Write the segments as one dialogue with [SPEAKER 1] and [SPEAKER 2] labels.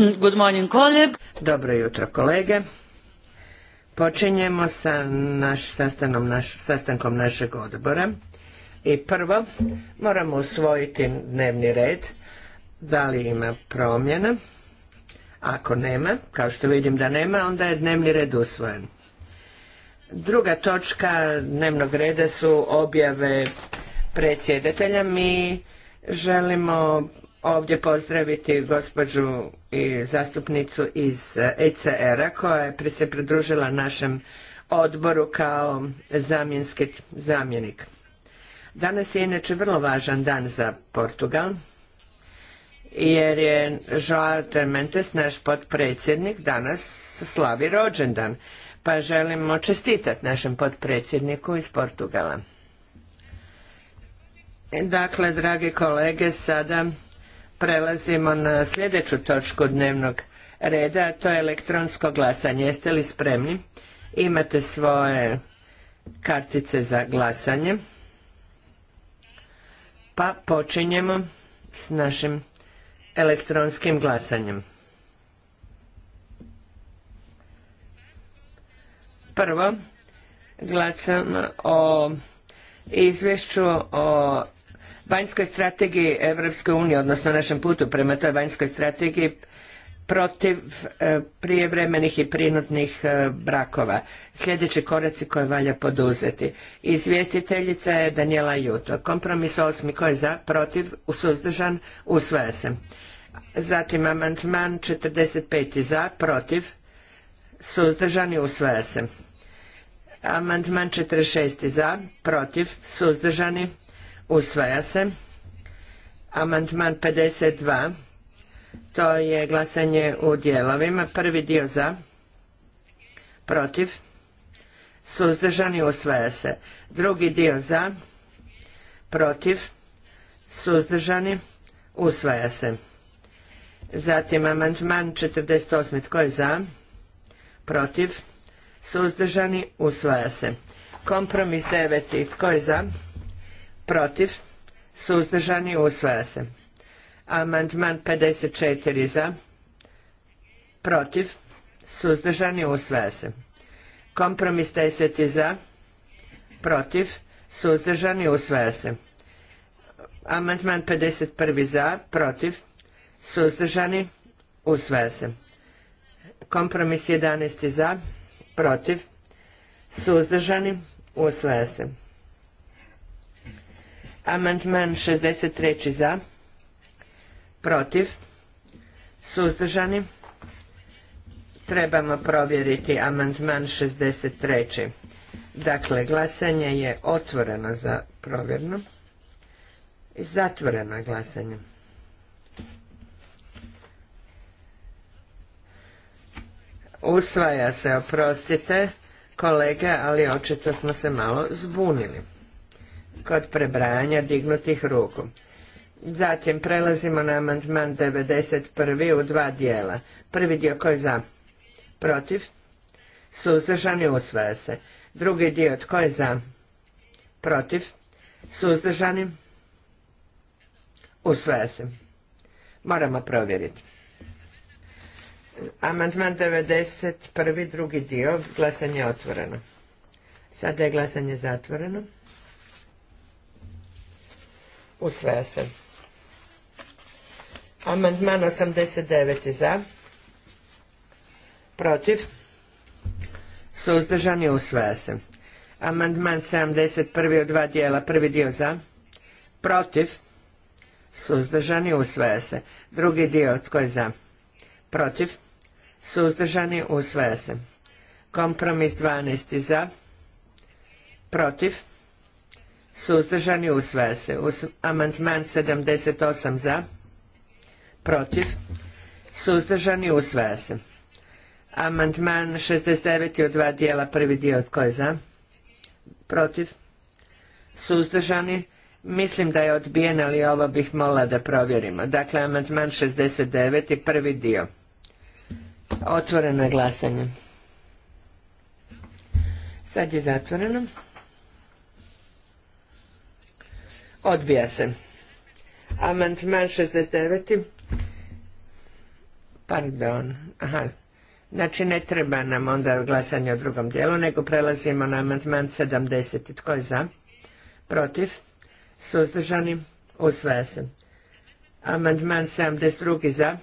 [SPEAKER 1] Good morning, Dobro jutro kolege. Počinjemo sa naš sastanom, naš, sastankom našeg odbora. I prvo moramo usvojiti dnevni red. Da li ima promjena? Ako nema, kao što vidim da nema, onda je dnevni red usvojen. Druga točka dnevnog reda su objave predsjedatelja. Mi želimo ovdje pozdraviti gospođu i zastupnicu iz ECR-a koja je se pridružila našem odboru kao zamjenski zamjenik. Danas je inače vrlo važan dan za Portugal jer je Joao Termentes, naš potpredsjednik, danas slavi rođendan pa želimo čestitati našem potpredsjedniku iz Portugala. Dakle, dragi kolege, sada Prelazimo na sljedeću točku dnevnog reda, a to je elektronsko glasanje. Jeste li spremni? Imate svoje kartice za glasanje. Pa počinjemo s našim elektronskim glasanjem. Prvo glasamo o izvješću o vanjskoj strategiji Europske unije, odnosno našem putu prema toj vanjskoj strategiji protiv e, prijevremenih i prinutnih e, brakova. Sljedeći koraci koje valja poduzeti. Izvjestiteljica je Daniela Juto. Kompromis osmi koji je za, protiv, suzdržan, usvaja se. Zatim amandman 45. za, protiv, suzdržan i usvaja se. Amandman 46. za, protiv, suzdržani, Usvaja se. Amandman 52. To je glasanje u dijelovima. Prvi dio za. Protiv. Suzdržani usvaja se. Drugi dio za. Protiv. Suzdržani usvaja se. Zatim amandman 48. Tko je za? Protiv. Suzdržani usvaja se. Kompromis 9. Tko je za? protiv, suzdržani, usvaja se. Amandman 54 za, protiv, suzdržani, usvaja se. Kompromis 10 za, protiv, suzdržani, usvaja se. Amandman 51 za, protiv, suzdržani, usvaja se. Kompromis 11 za, protiv, suzdržani, usvaja se. Amandman 63. za. Protiv. Suzdržani. Trebamo provjeriti amandman 63. Dakle, glasanje je otvoreno za provjerno. Zatvoreno glasanje. Usvaja se, oprostite, kolege, ali očito smo se malo zbunili kod prebrajanja dignutih ruku. Zatim prelazimo na amandman 91. u dva dijela. Prvi dio koji je za, protiv, suzdržani usvaja se. Drugi dio tko je za, protiv, suzdržani usvaja se. Moramo provjeriti. Amandman 91. drugi dio, glasanje je otvoreno. Sada je glasanje zatvoreno. Usvaja se. Amandman 89. za. Protiv. Suzdržani usvaja se. Amandman 71. od dva dijela. Prvi dio za. Protiv. Suzdržani usvaja se. Drugi dio tko je za. Protiv. Suzdržani usvaja se. Kompromis 12. za. Protiv. Suzdržani usvaja se. Amantman amandman 78 za. Protiv. Suzdržani usvaja se. Amandman 69 od dva dijela. Prvi dio od koje za? Protiv. Suzdržani. Mislim da je odbijen, ali ovo bih molila da provjerimo. Dakle, amandman 69 je prvi dio. Otvoreno je glasanje. Sad je zatvoreno. Odbija se. Amantman 69. Pardon. Aha. Znači ne treba nam onda glasanje o drugom dijelu, nego prelazimo na amantman 70. Tko je za? Protiv? Suzdržani? Usvaja se. Amandman 72. za?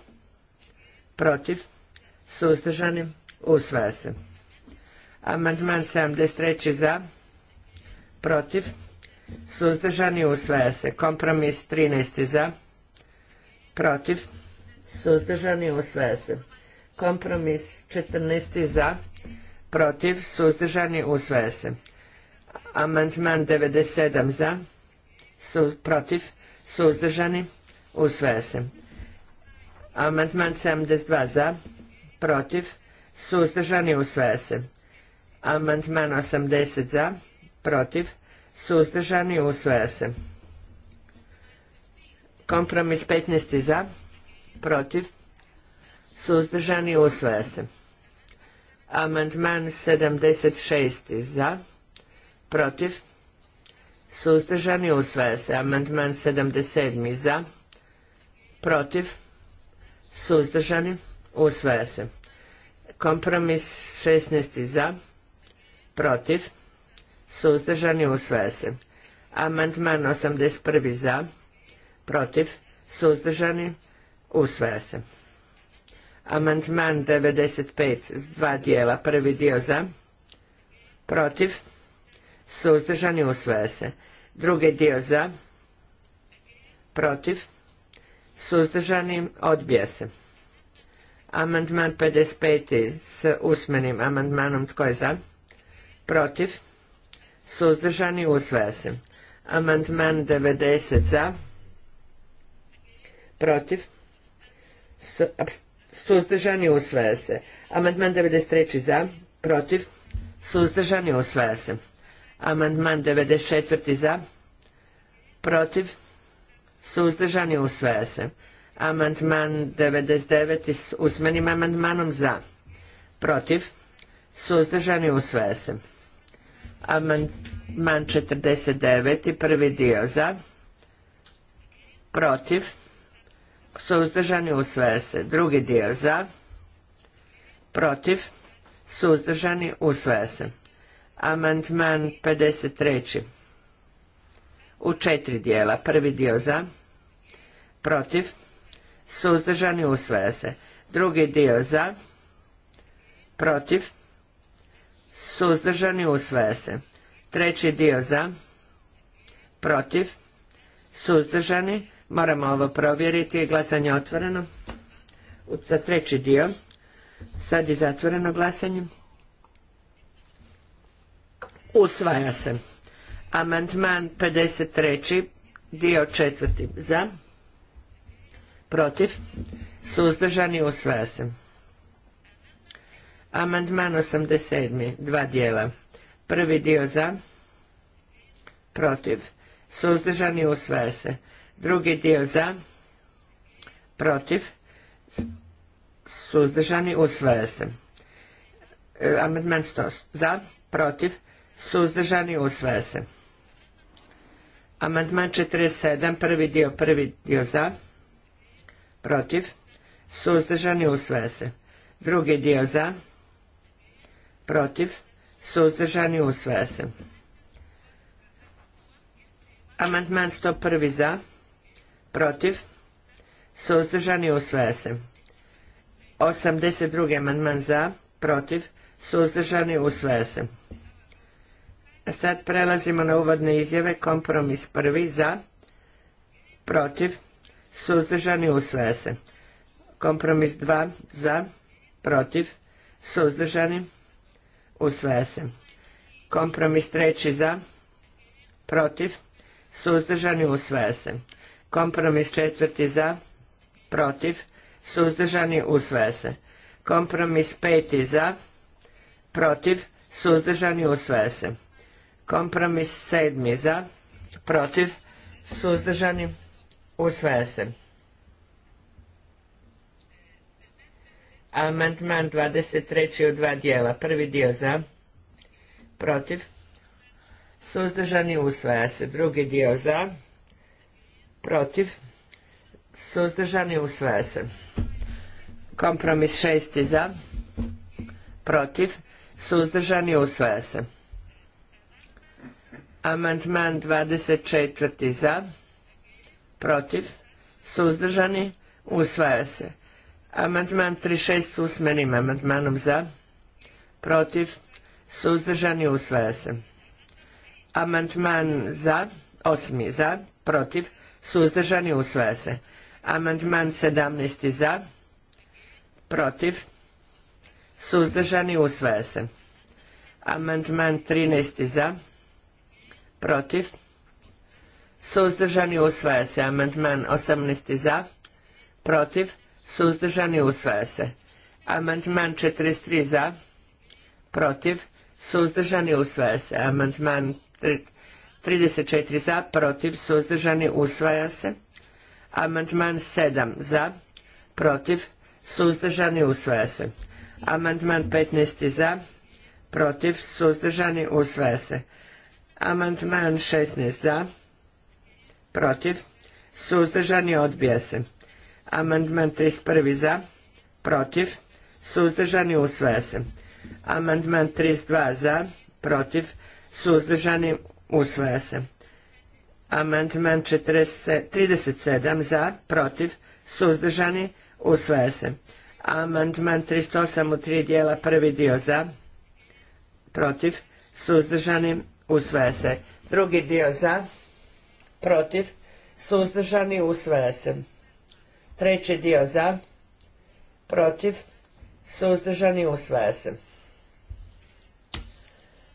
[SPEAKER 1] Protiv? Suzdržani? Usvaja se. Amandman 73. za? Protiv? Suzdržani usvaja se. Kompromis 13. za. Protiv. Suzdržani usvaja se. Kompromis 14. za. Protiv. Suzdržani usvaja se. Amandman 97 za. protiv. Suzdržani usvaja se. Amandman 72 za. Protiv. Suzdržani usvaja se. Amandman 80 za. Protiv Suzdržani usvaja se. Kompromis 15. za. Protiv. Suzdržani usvaja se. Amandman 76. za. Protiv. Suzdržani usvaja se. Amandman 77. za. Protiv. Suzdržani usvaja se. Kompromis 16. za. Protiv suzdržani, usvaja se. Amandman 81. za, protiv, suzdržani, usvaja se. Amandman 95. dva dijela, prvi dio za, protiv, suzdržani, usvaja se. Drugi dio za, protiv, suzdržani, odbija se. Amandman 55. s usmenim amandmanom, tko je za, protiv, Suzdržani usvaja se. Amandman 90 za. Protiv. Suzdržani usvaja se. Amandman 93 za. Protiv. Suzdržani usvaja se. Amandman 94 za. Protiv. Suzdržani usvaja se. Amandman 99 s usmenim amandmanom za. Protiv. Suzdržani usvaja se. Amandman 49. prvi dio za, protiv, suzdržani usvaja se. Drugi dio za, protiv, suzdržani usvaja se. Amandman 53. U četiri dijela. Prvi dio za, protiv, suzdržani usvaja se. Drugi dio za, protiv, Suzdržani usvaja se. Treći dio za. Protiv. Suzdržani. Moramo ovo provjeriti. Glasanje otvoreno. Za treći dio. Sad je zatvoreno glasanje. Usvaja se. Amandman 53. Dio četvrti. Za. Protiv. Suzdržani usvaja se. Amandman 87. Dva dijela. Prvi dio za, protiv, suzdržani usvaja se. Drugi dio za, protiv, suzdržani usvaja se. E, amandman 100. Za, protiv, suzdržani usvaja se. Amandman 47. Prvi dio, prvi dio za, protiv, suzdržani usvaja se. Drugi dio za, protiv, suzdržani, usvaja se. Amandman 101. za, protiv, suzdržani, usvaja se. 82. amandman za, protiv, suzdržani, usvaja se. A sad prelazimo na uvodne izjave. Kompromis prvi za, protiv, suzdržani, usvaja se. Kompromis dva za, protiv, suzdržani, Usvaja se. Kompromis treći za. Protiv. Suzdržani. Usvaja se. Kompromis četvrti za. Protiv. Suzdržani. Usvaja se. Kompromis peti za. Protiv. Suzdržani. Usvaja se. Kompromis sedmi za. Protiv. Suzdržani. Usvaja se. Amandman 23. u dva dijela. Prvi dio za, protiv, suzdržani usvaja se. Drugi dio za, protiv, suzdržani usvaja se. Kompromis šesti za, protiv, suzdržani usvaja se. Amandman 24. za, protiv, suzdržani, usvaja se. Amandman 36 s usmenim amandmanom za, protiv, i usvaja se. Amandman za, osmi za, protiv, suzdržani, usvaja se. Amandman 17 za, protiv, suzdržani, usvaja se. Amandman 13 za, protiv, suzdržani, usvaja se. Amandman 18 za, protiv, Suzdržani usvaja se. Amandman 43 za. Protiv. Suzdržani usvaja se. Amandman 34 za. Protiv. Suzdržani usvaja se. Amandman 7 za. Protiv. Suzdržani usvaja se. Amandman 15 za. Protiv. Suzdržani usvaja se. Amandman 16 za. Protiv. Suzdržani odbija se. Amandman 31. za, protiv, suzdržani, usvaja se. Amandman 32. za, protiv, suzdržani, usvaja se. Amandman 37. za, protiv, suzdržani, usvaja se. Amandman 308 u tri dijela, prvi dio za, protiv, suzdržani, usvaja se. Drugi dio za, protiv, suzdržani, usvaja se. Treći dio za, protiv, suzdržani, usvaja se.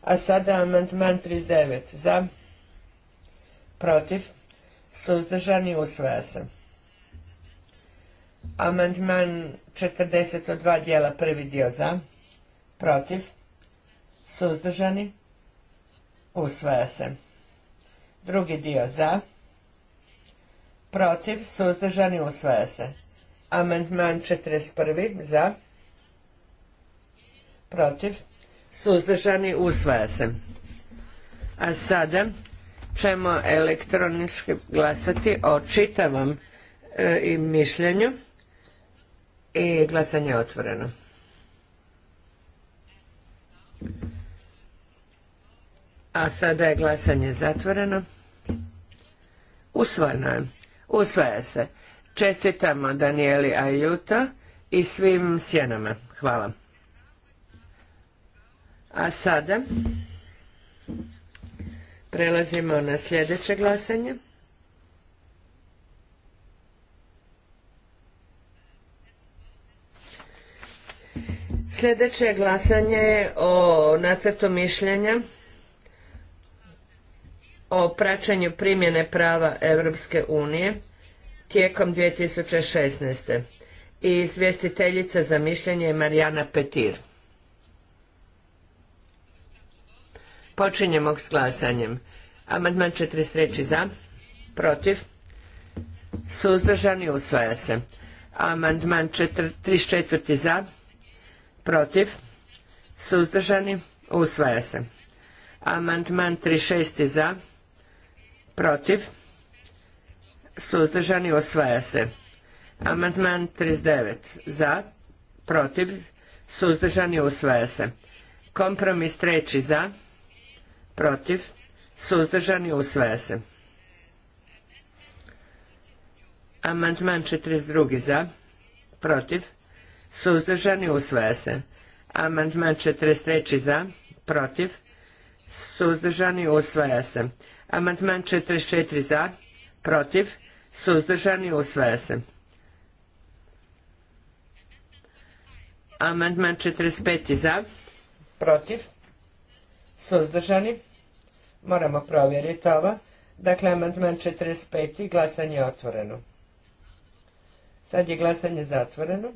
[SPEAKER 1] A sada amandman 39 za, protiv, suzdržani, usvaja se. Amandman 40 od dva dijela, prvi dio za, protiv, suzdržani, usvaja se. Drugi dio za, protiv, suzdržani, usvaja se. Amandman 41. za, protiv, suzdržani, usvaja se. A sada ćemo elektronički glasati o čitavom e, i mišljenju i glasanje je otvoreno. A sada je glasanje zatvoreno. Usvojeno je. Usvaja se. Čestitamo Danijeli Ajuta i svim sjenama. Hvala. A sada prelazimo na sljedeće glasanje. Sljedeće glasanje je o nacrtu mišljenja o praćenju primjene prava Europske unije tijekom 2016. I izvjestiteljica za mišljenje je Marijana Petir. Počinjemo s glasanjem. Amandman 43. za, protiv, suzdržani, usvaja se. Amandman 34. za, protiv, suzdržani, usvaja se. Amandman 36. za, protiv, suzdržani, usvaja se. Amandman 39 za, protiv, suzdržani, usvaja se. Kompromis treći za, protiv, suzdržani, usvaja se. Amandman 42 za, protiv, suzdržani, usvaja se. Amandman 43 za, protiv, suzdržani, usvaja se. Amandman 44 za, protiv, suzdržani, usvaja se. Amandman 45 za, protiv, suzdržani, moramo provjeriti ovo. Dakle, amandman 45. Glasanje je otvoreno. Sad je glasanje zatvoreno.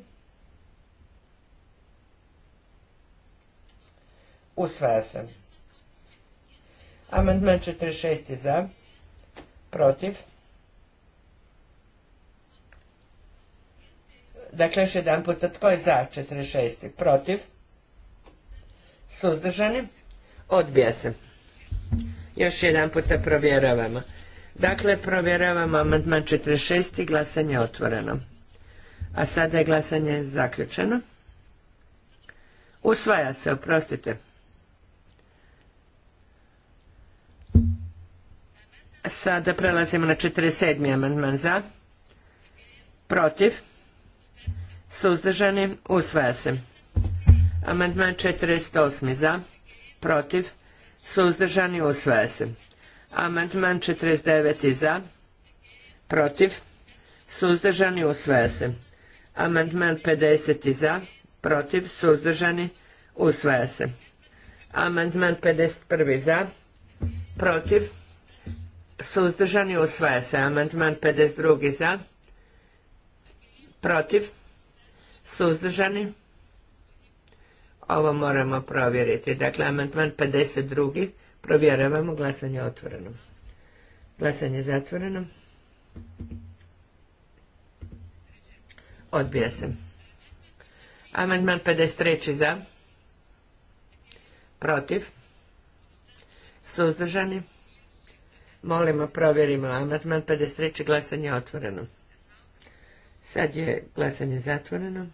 [SPEAKER 1] Usvaja se. Amandman 46 za, protiv. Dakle, još jedan puta, tko je za 46? Protiv? Suzdržani? Odbija se. Još jedan puta provjeravamo. Dakle, provjeravamo amandman 46 glasanje je otvoreno. A sada je glasanje zaključeno. Usvaja se, oprostite. Sada prelazimo na 47. amandman za. Protiv. Suzdržani. Usvaja se. Amandman 48. za. Protiv. Suzdržani. Usvaja se. Amandman 49. za. Protiv. Suzdržani. Usvaja se. Amandman 50. za. Protiv. Suzdržani. Usvaja se. Amandman 51. za. Protiv. Suzdržani usvaja se. Amandman 52. za. Protiv. Suzdržani. Ovo moramo provjeriti. Dakle, amandman 52. Provjeravamo. Glasanje otvoreno. Glasanje zatvoreno. Odbija se. Amandman 53. za. Protiv. Suzdržani. Molimo, provjerimo. Amatman 53. glasanje otvoreno. Sad je glasanje zatvoreno.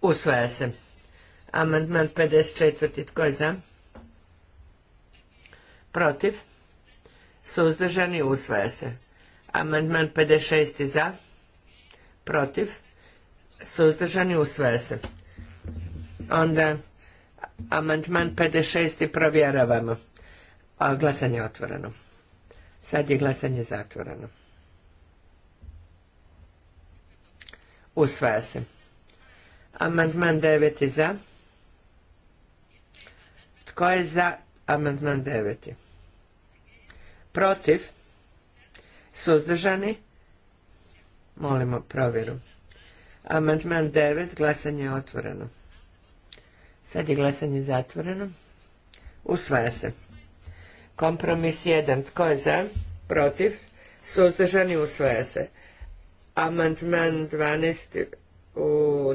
[SPEAKER 1] Usvaja se. Amandman 54. Tko je za? Protiv? Suzdržani? Usvaja se. Amandman 56. Za? Protiv? Suzdržani? Usvaja se. Onda amandman 56. provjeravamo. A glasanje je otvoreno. Sad je glasanje zatvoreno. Usvaja se. Amandman 9. za. Tko je za amandman 9? Protiv? Suzdržani? Molimo provjeru. Amandman 9. Glasanje je otvoreno. Sad je glasanje zatvoreno. Usvaja se. Kompromis 1. Tko je za? Protiv? Suzdržani usvaja se. Amandman 12 u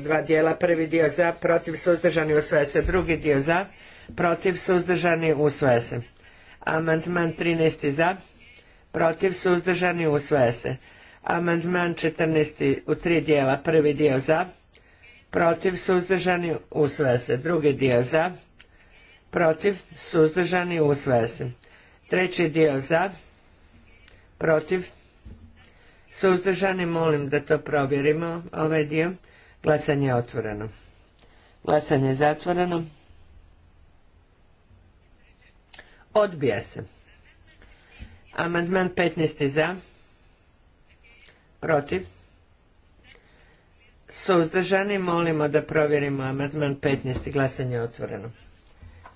[SPEAKER 1] dva dijela. Prvi dio za, protiv suzdržani usvaja se. Drugi dio za, protiv suzdržani usvaja se. Amandman 13 za, protiv suzdržani usvaja se. Amandman 14 u tri dijela. Prvi dio za, protiv, suzdržani, usvaja se. Drugi dio za, protiv, suzdržani, usvaja se. Treći dio za, protiv, suzdržani, molim da to provjerimo, ovaj dio. Glasanje je otvoreno. Glasanje je zatvoreno. Odbija se. Amandman 15. za, protiv, Suzdržani molimo da provjerimo amandman 15. Glasanje je otvoreno.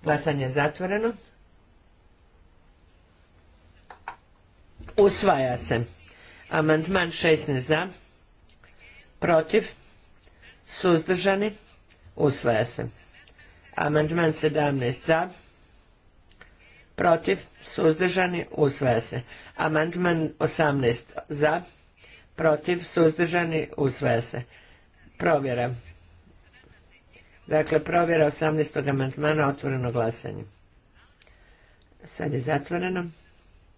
[SPEAKER 1] Glasanje je zatvoreno. Usvaja se. Amandman 16 za. Protiv. Suzdržani. Usvaja se. Amandman 17 za. Protiv. Suzdržani. Usvaja se. Amandman 18 za. Protiv. Suzdržani. Usvaja se. Provjera. Dakle, provjera 18. amandmana, otvoreno glasanje. Sad je zatvoreno.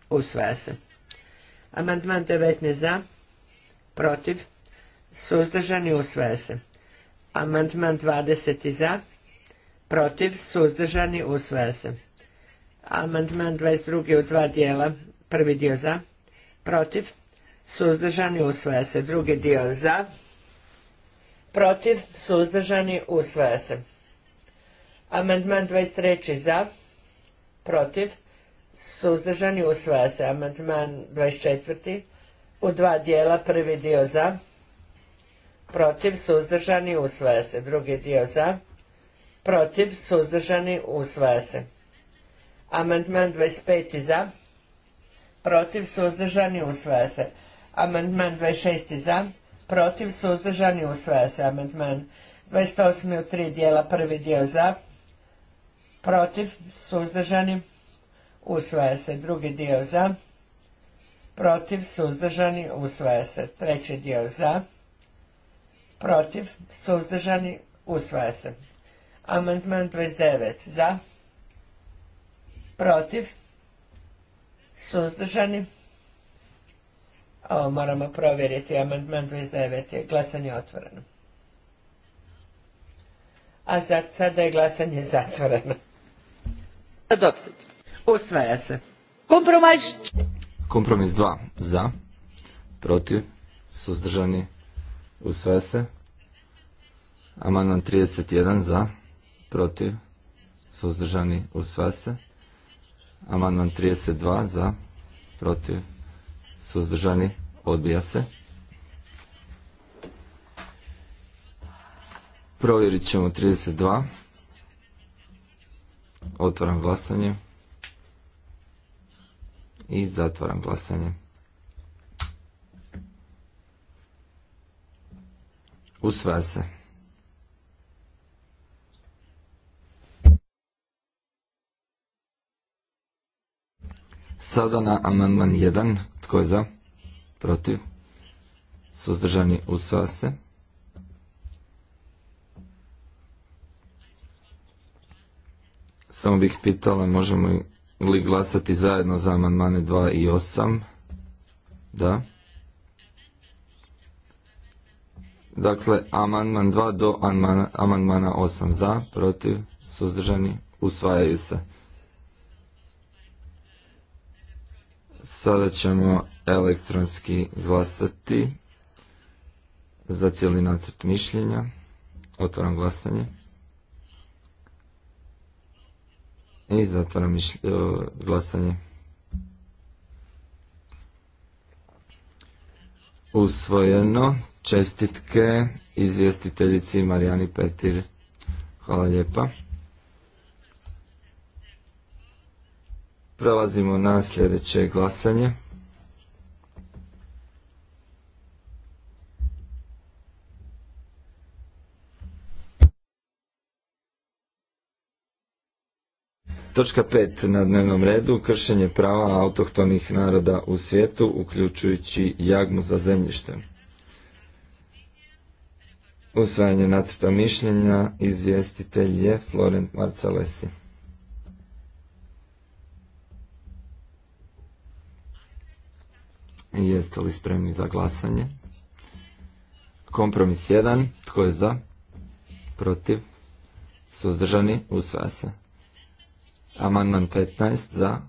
[SPEAKER 1] Usvaja se. Amandman 19 za, protiv, suzdržani, usvaja se. Amandman 20 za, protiv, suzdržani, usvaja se. Amandman 22 u dva dijela, prvi dio za, protiv, suzdržani, usvaja se. Drugi dio za, protiv, suzdržani, usvaja se. Amandman 23. za, protiv, suzdržani, usvaja se. Amandman 24. u dva dijela, prvi dio za, protiv, suzdržani, usvaja se. Drugi dio za, protiv, suzdržani, usvaja se. Amandman 25. za, protiv, suzdržani, usvaja se. Amandman 26. za, protiv, suzdržani, usvaja se amandman 28. u tri dijela, prvi dio za, protiv, suzdržani, usvaja se drugi dio za, protiv, suzdržani, usvaja se treći dio za, protiv, suzdržani, usvaja se. Amandman 29 za, protiv, suzdržani, ovo moramo provjeriti. Amandman 29 je glasanje otvoreno. A sad, sada je glasanje zatvoreno. Adopted. Usvaja se. Kompromis.
[SPEAKER 2] Kompromis 2. Za. Protiv. Suzdržani. Usvaja se. Amandman 31. Za. Protiv. Suzdržani. Usvaja se. Amandman 32. Za. Protiv suzdržani, odbija se. Provjerit ćemo 32. Otvaram glasanje. I zatvaram glasanje. Usvaja se. Sada na amandman 1. Tko je za? Protiv? Suzdržani usvaja se. Samo bih pitala možemo li glasati zajedno za amandmane 2 i 8. Da. Dakle, amandman 2 do amandmana 8 za, protiv, suzdržani, usvajaju se. Sada ćemo elektronski glasati za cijeli nacrt mišljenja. Otvaram glasanje. I zatvaram e, glasanje. Usvojeno. Čestitke izvjestiteljici Marijani Petir. Hvala lijepa. Prelazimo na sljedeće glasanje. Točka 5 na dnevnom redu, kršenje prava autohtonih naroda u svijetu, uključujući jagmu za zemljište. Usvajanje nacrta mišljenja, izvjestitelj je Florent Marcalesi. Jeste li spremni za glasanje? Kompromis 1. Tko je za? Protiv? Suzdržani? Usvaja se. Amandman 15. Za?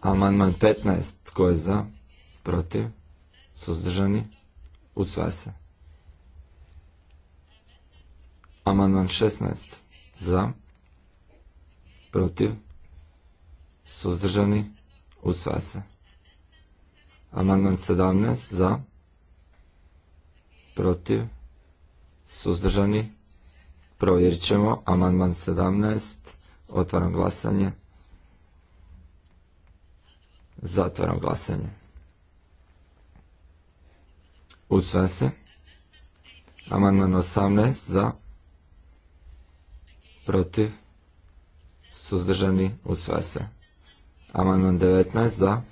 [SPEAKER 2] Amandman 15. Tko je za? Protiv? Suzdržani? Usvaja se. Amandman 16. Za? Protiv? Suzdržani? Usvaja se. Amandman 17 za. Protiv. Suzdržani. Provjerit ćemo. Amandman 17. Otvaram glasanje. Zatvaram glasanje. Usvaja se. Amandman 18 za. Protiv. Suzdržani. Usvaja se. Amandman 19 za,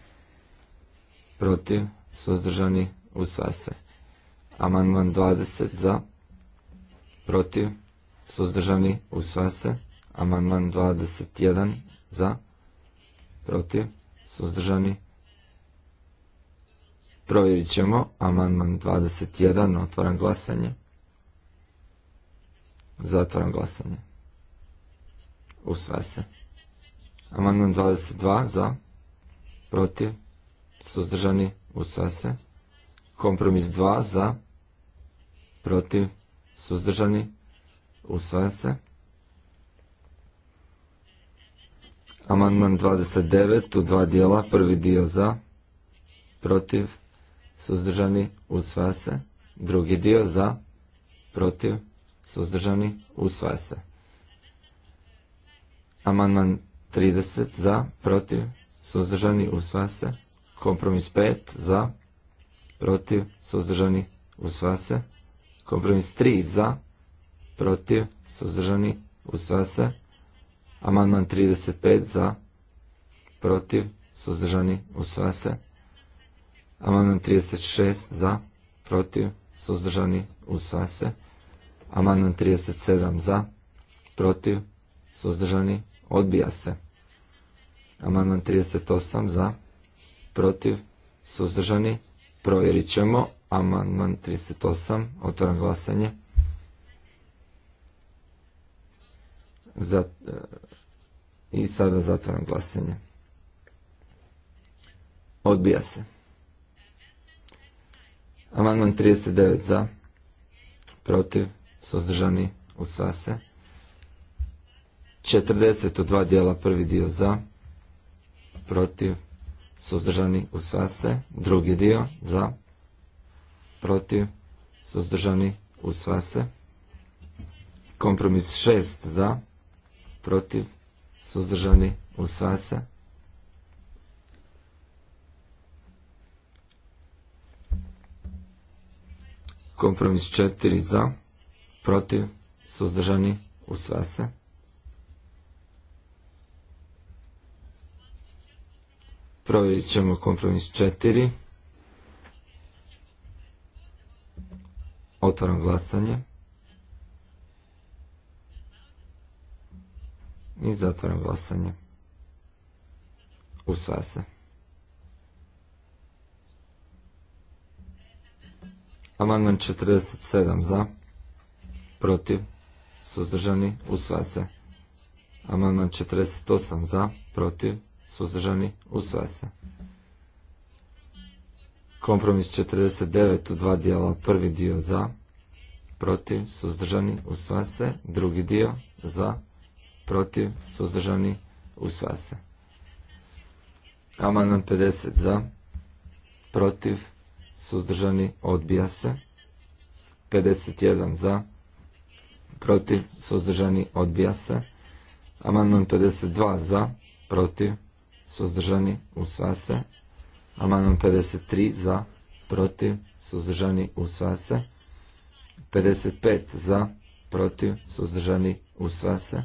[SPEAKER 2] protiv, suzdržani, usvaja se. Amandman 20 za, protiv, suzdržani, usvaja se. Amandman 21 za, protiv, suzdržani, Provjerit ćemo amandman 21, otvaram glasanje. Zatvaram glasanje. Usvaja se. Amandman 22 za, protiv, suzdržani, usvaja se. Kompromis 2 za, protiv, suzdržani, usvaja se. Amandman 29 u dva dijela, prvi dio za, protiv, suzdržani, usvaja se. Drugi dio za, protiv, suzdržani, usvaja se. Amandman 30 za, protiv, suzdržani, usva se. Kompromis 5 za, protiv, suzdržani, usva se. Kompromis 3 za, protiv, suzdržani, usva se. Amandman 35 za, protiv, suzdržani, usva se. Amandman 36 za, protiv, suzdržani, usva se. Amandman 37 za, protiv, suzdržani, Odbija se. Amandman 38 za, protiv, suzdržani. Provjerit ćemo. Amandman 38. Otvaram glasanje. I sada zatvaram glasanje. Odbija se. Amandman 39 za, protiv, suzdržani, usva se. 42 dijela, prvi dio za, protiv, suzdržani, usvase, se, drugi dio za, protiv, suzdržani, usvase, se, kompromis 6 za, protiv, suzdržani, usvase, se, kompromis 4 za, protiv, suzdržani, usvase, se, Provjerit ćemo kompromis 4. Otvaram glasanje. I zatvaram glasanje. Usvaja se. Amandman 47 za. Protiv. Suzdržani. Usvaja se. Amandman 48 za. Protiv suzdržani, usvaja se. Kompromis 49 u dva dijela, prvi dio za, protiv, suzdržani, usvaja se, drugi dio za, protiv, suzdržani, usvaja se. Amandman 50 za, protiv, suzdržani, odbija se. 51 za, protiv, suzdržani, odbija se. Amandman 52 za, protiv, suzdržani, u se. Amandman 53 za, protiv, suzdržani, usva se. 55 za, protiv, suzdržani, u se.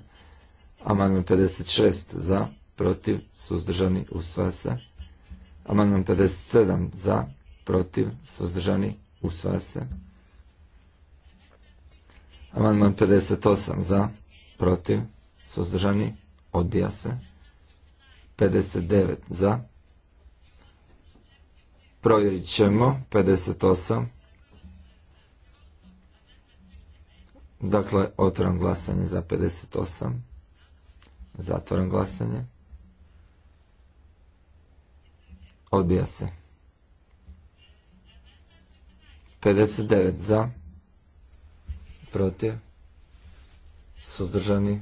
[SPEAKER 2] Amandman 56 za, protiv, suzdržani, u se. Amandman 57 za, protiv, suzdržani, u se. Amandman 58 za, protiv, suzdržani, odbija se. 59 za. Provjerit ćemo 58. Dakle, otvoram glasanje za 58. Zatvoram glasanje. Odbija se. 59 za. Protiv. Suzdržani.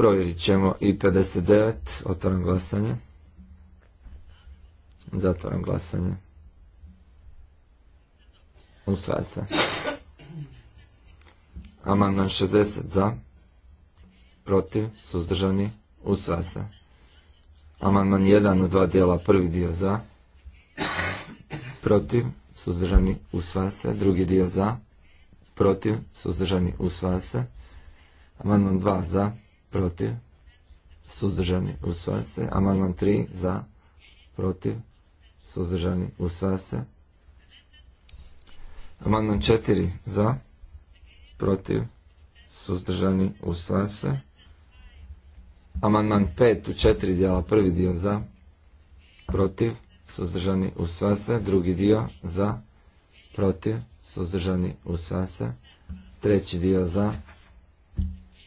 [SPEAKER 2] Provjerit ćemo i 59. Otvaram glasanje. Zatvaram glasanje. Usvaja se. Amandman 60 za. Protiv. Suzdržani. Usvaja se. Amandman 1 u dva dijela. Prvi dio za. Protiv. Suzdržani. Usvaja se. Drugi dio za. Protiv. Suzdržani. Usvaja se. Amandman 2 za protiv, suzdržani, usvaja se. Amandman 3 za, protiv, suzdržani, usvaja se. Amandman 4 za, protiv, suzdržani, usvaja se. Amandman 5 u četiri dijela, prvi dio za, protiv, suzdržani, usvaja se. Drugi dio za, protiv, suzdržani, usvaja se. Treći dio za,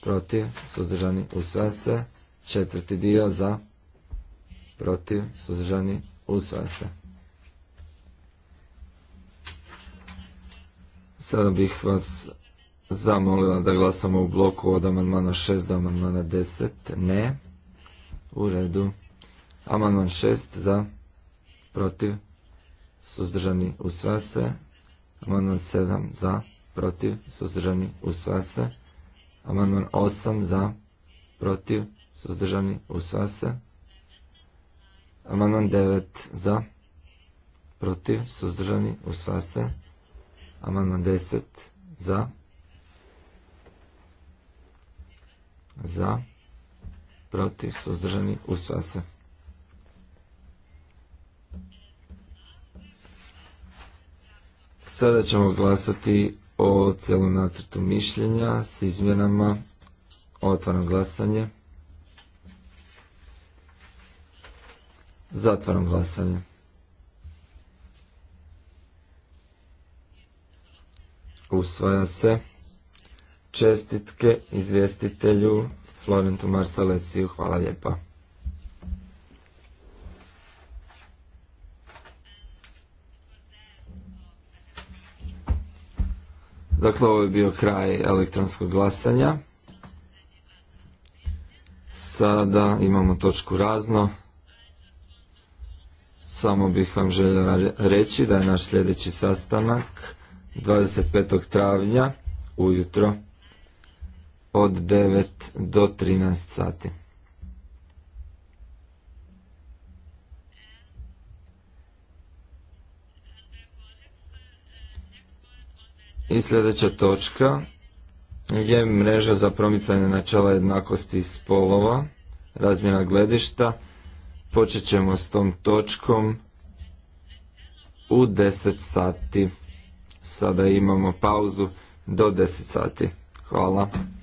[SPEAKER 2] protiv, suzdržani, usvaja se. Četvrti dio za, protiv, suzdržani, usvaja se. Sada bih vas zamolila da glasamo u bloku od amandmana 6 do amandmana 10. Ne. U redu. Amandman 6 za, protiv, suzdržani, usvaja se. Amandman 7 za, protiv, suzdržani, usvaja se. Amandman 8 za, protiv, suzdržani, usva se. Amandman 9 za, protiv, suzdržani, usvase. se. Amandman 10 za, za, protiv, suzdržani, usvase. se. Sada ćemo glasati o cijelom nacrtu mišljenja s izmjenama. Otvaram glasanje. Zatvaram glasanje. Usvaja se. Čestitke izvjestitelju Florentu Marsalesiju. Hvala lijepa. Dakle, ovo je bio kraj elektronskog glasanja. Sada imamo točku razno. Samo bih vam željela reći da je naš sljedeći sastanak 25. travnja ujutro od 9 do 13 sati. I sljedeća točka je mreža za promicanje načela jednakosti spolova, razmjena gledišta. Počet ćemo s tom točkom u 10 sati. Sada imamo pauzu do 10 sati. Hvala.